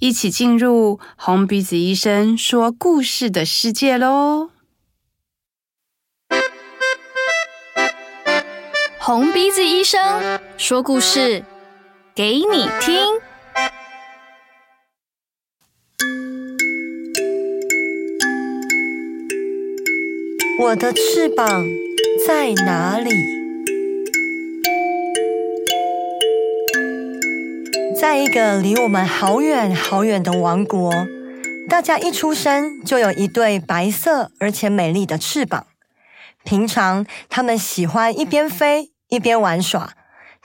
一起進入紅鼻子醫生說故事的世界嘍！紅鼻子醫生說故事給你聽。我的翅膀在哪裡？在一個離我們好遠好遠的王國，大家一出生就有一對白色而且美麗的翅膀。平常他們喜歡一邊飛一邊玩耍，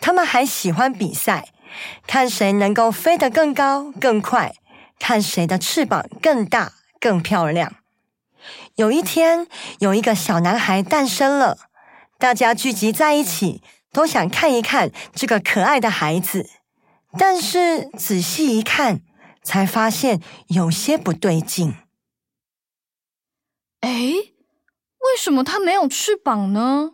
他們還喜歡比賽，看誰能夠飛得更高更快，看誰的翅膀更大更漂亮。有一天，有一個小男孩誕生了，大家聚集在一起，都想看一看這個可愛的孩子。但是仔細一看，才發現有些不對勁。誒，為什麼他沒有翅膀呢？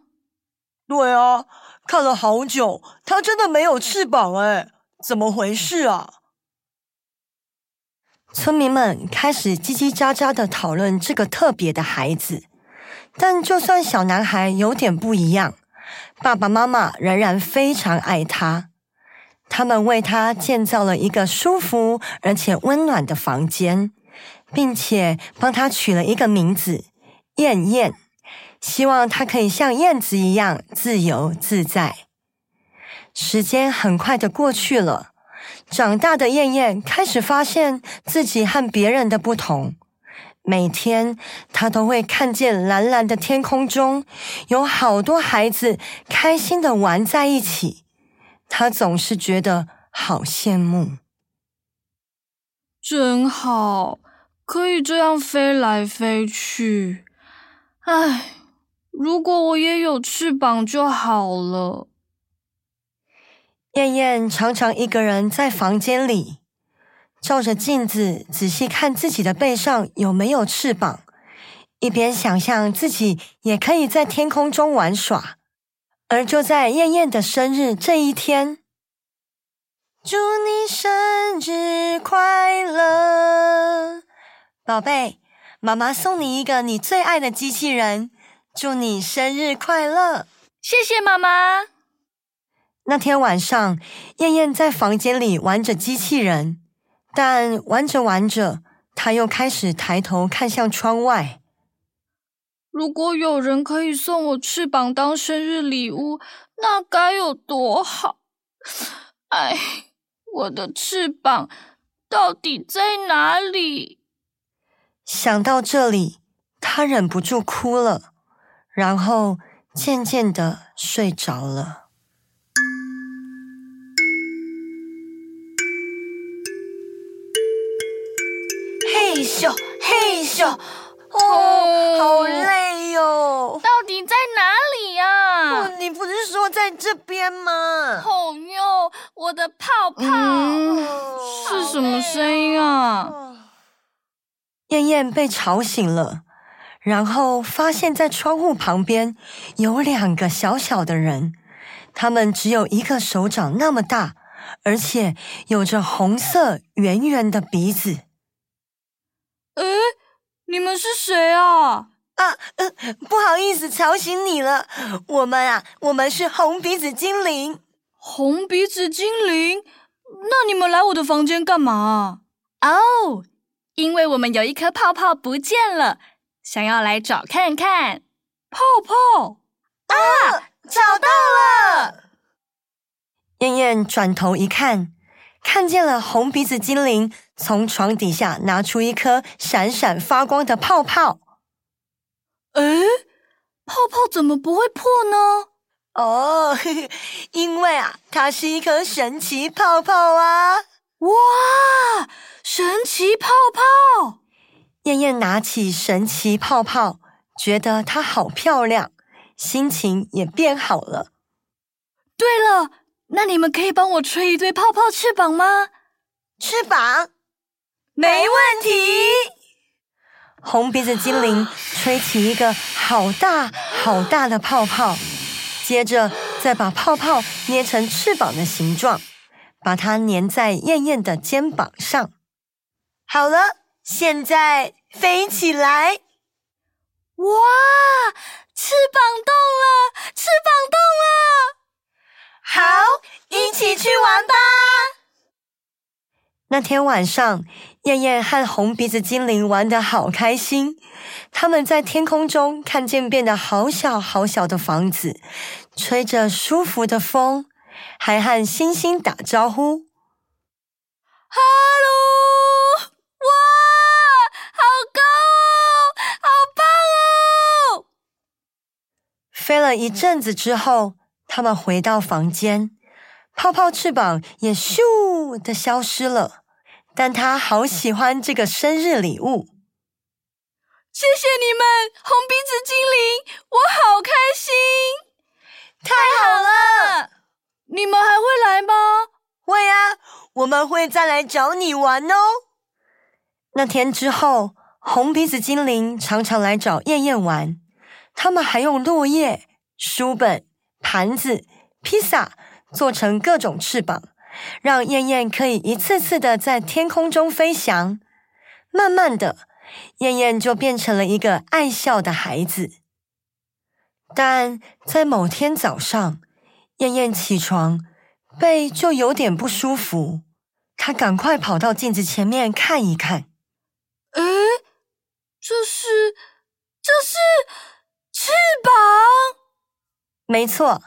對啊，看了好久，他真的沒有翅膀誒，怎麼回事啊？村民們開始嘰嘰喳喳的討論這個特別的孩子，但就算小男孩有點不一樣，爸爸媽媽仍然非常愛他。他們為他建造了一個舒服而且溫暖的房間，並且幫他取了一個名字——燕燕，希望他可以像燕子一樣自由自在。時間很快的過去了，長大的燕燕開始發現自己和別人的不同。每天，他都會看見藍藍的天空中有好多孩子開心的玩在一起。他總是覺得好羨慕，真好，可以這樣飛來飛去。唉，如果我也有翅膀就好了。燕燕常常一個人在房間裡，照着鏡子仔細看自己的背上有沒有翅膀，一邊想象自己也可以在天空中玩耍。而就在燕燕的生日這一天，祝你生日快樂，寶貝！媽媽送你一個你最愛的機器人，祝你生日快樂！謝謝媽媽。那天晚上，燕燕在房間裡玩着機器人，但玩着玩着，她又開始抬頭看向窗外。如果有人可以送我翅膀當生日禮物，那該有多好！哎，我的翅膀到底在哪裡？想到這裡，他忍不住哭了，然後漸漸的睡着了。嘿咻，嘿咻。Oh, oh, 哦，好累喲！到底在哪裡呀，啊？Oh, 你不是說在這邊嗎？哦喲，我的泡泡，嗯 oh, 是什麼聲音啊？哦，燕燕被吵醒了，然後發現在窗戶旁邊有兩個小小的人，他們只有一個手掌那麼大，而且有着紅色圓圓的鼻子。嗯你們是誰啊？啊，呃，不好意思，吵醒你了。我們啊，我們是紅鼻子精靈。紅鼻子精靈，那你們來我的房間幹嘛？哦，oh, 因為我們有一顆泡泡不見了，想要來找看看泡泡。啊，找到了！燕燕轉頭一看。看見了紅鼻子精靈，從床底下拿出一顆閃閃發光的泡泡，嗯，泡泡怎麼不會破呢？哦，呵呵，因為啊，它是一顆神奇泡泡啊！哇，神奇泡泡！燕燕拿起神奇泡泡，覺得它好漂亮，心情也變好了。對了。那你們可以幫我吹一對泡泡翅膀嗎？翅膀？沒問題。紅鼻子精靈吹起一個好大好大的泡泡，接着再把泡泡捏成翅膀的形狀，把它粘在燕燕的肩膀上。好了，現在飛起來！哇，翅膀動了，翅膀動了，好，一起去玩吧！那天晚上，燕燕和紅鼻子精靈玩得好開心。他們在天空中看見變得好小好小的房子，吹着舒服的風，還和星星打招呼。Hello！哇！Wow！好高哦！好棒哦！飛了一陣子之後，他們回到房間。泡泡翅膀，也咻的消失了，但他好喜歡這個生日禮物。謝謝你們，紅鼻子精靈，我好開心！太好了，太好了。你們還會來嗎？會啊，我們會再來找你玩哦。那天之後，紅鼻子精靈常常來找燕燕玩，他們還用落葉、書本、盤子、披薩。做成各種翅膀，讓燕燕可以一次次的在天空中飛翔。慢慢的，燕燕就變成了一個愛笑的孩子。但在某天早上，燕燕起床，背就有點不舒服。她趕快跑到鏡子前面看一看，哎，這是，這是翅膀。沒錯。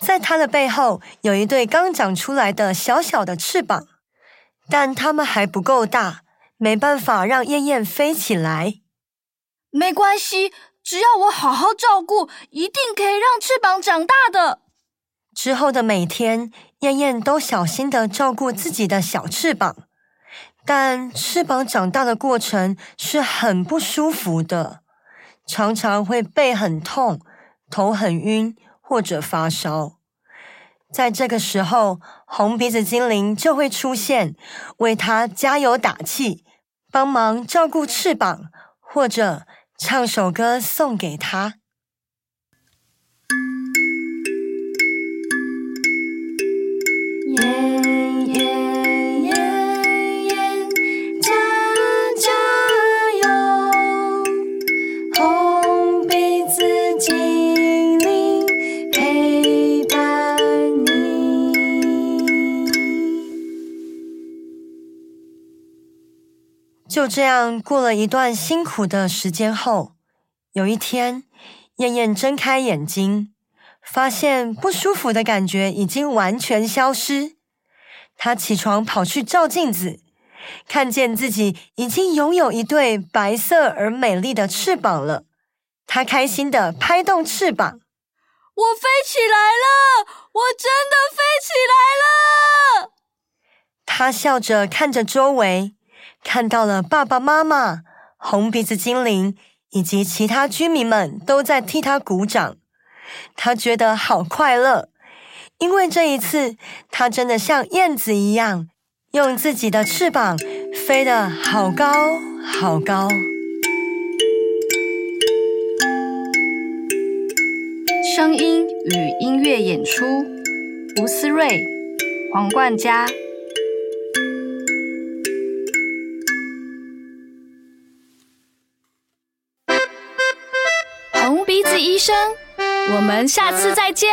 在它的背後有一對剛長出來的小小的翅膀，但它們還不夠大，沒辦法讓燕燕飛起來。沒關係，只要我好好照顧，一定可以讓翅膀長大的。之後的每天，燕燕都小心的照顧自己的小翅膀，但翅膀長大的過程是很不舒服的，常常會背很痛，頭很暈，或者發燒，在這個時候，紅鼻子精靈就會出現，為他加油打氣，幫忙照顧翅膀，或者唱首歌送給他。Yeah. 就這樣過了一段辛苦的時間後，有一天，燕燕睜、睜開眼睛，發現不舒服的感覺已經完全消失。她起床跑去照鏡子，看見自己已經擁有一對白色而美麗的翅膀了。她開心的拍動翅膀，我飛起來了！我真的飛起來了！她笑着看着周圍。看到了爸爸媽媽、紅鼻子精靈以及其他居民們都在替他鼓掌，他覺得好快樂，因為這一次他真的像燕子一樣，用自己的翅膀飛得好高好高。聲音與音樂演出，吳思瑞、黃冠嘉。鼻子醫生，我們下次再見。